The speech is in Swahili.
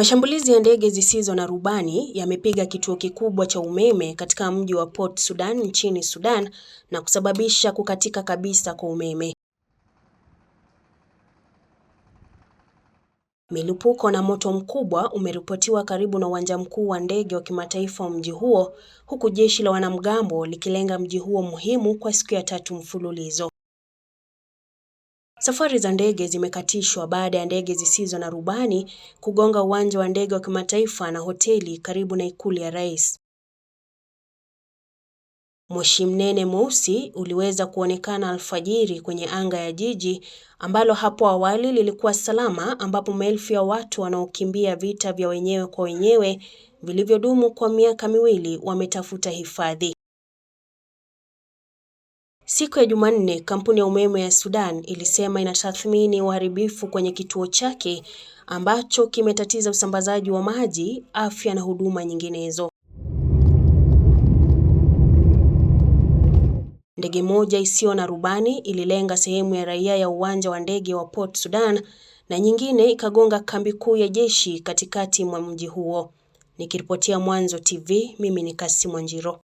Mashambulizi ya ndege zisizo na rubani yamepiga kituo kikubwa cha umeme katika mji wa Port Sudan nchini Sudan na kusababisha kukatika kabisa kwa umeme. Milipuko na moto mkubwa umeripotiwa karibu na uwanja mkuu wa ndege wa kimataifa wa mji huo, huku jeshi la wanamgambo likilenga mji huo muhimu kwa siku ya tatu mfululizo. Safari za ndege zimekatishwa baada ya ndege zisizo na rubani kugonga uwanja wa ndege wa kimataifa na hoteli karibu na ikulu ya rais. Moshi mnene mweusi uliweza kuonekana alfajiri kwenye anga ya jiji ambalo hapo awali lilikuwa salama ambapo maelfu ya watu wanaokimbia vita vya wenyewe kwa wenyewe vilivyodumu kwa miaka miwili wametafuta hifadhi. Siku ya Jumanne, kampuni ya umeme ya Sudan ilisema inatathmini uharibifu kwenye kituo chake ambacho kimetatiza usambazaji wa maji, afya na huduma nyinginezo. Ndege moja isiyo na rubani ililenga sehemu ya raia ya uwanja wa ndege wa Port Sudan na nyingine ikagonga kambi kuu ya jeshi katikati mwa mji huo. Nikiripotia Mwanzo TV, mimi ni kasimwanjiro Wanjiro.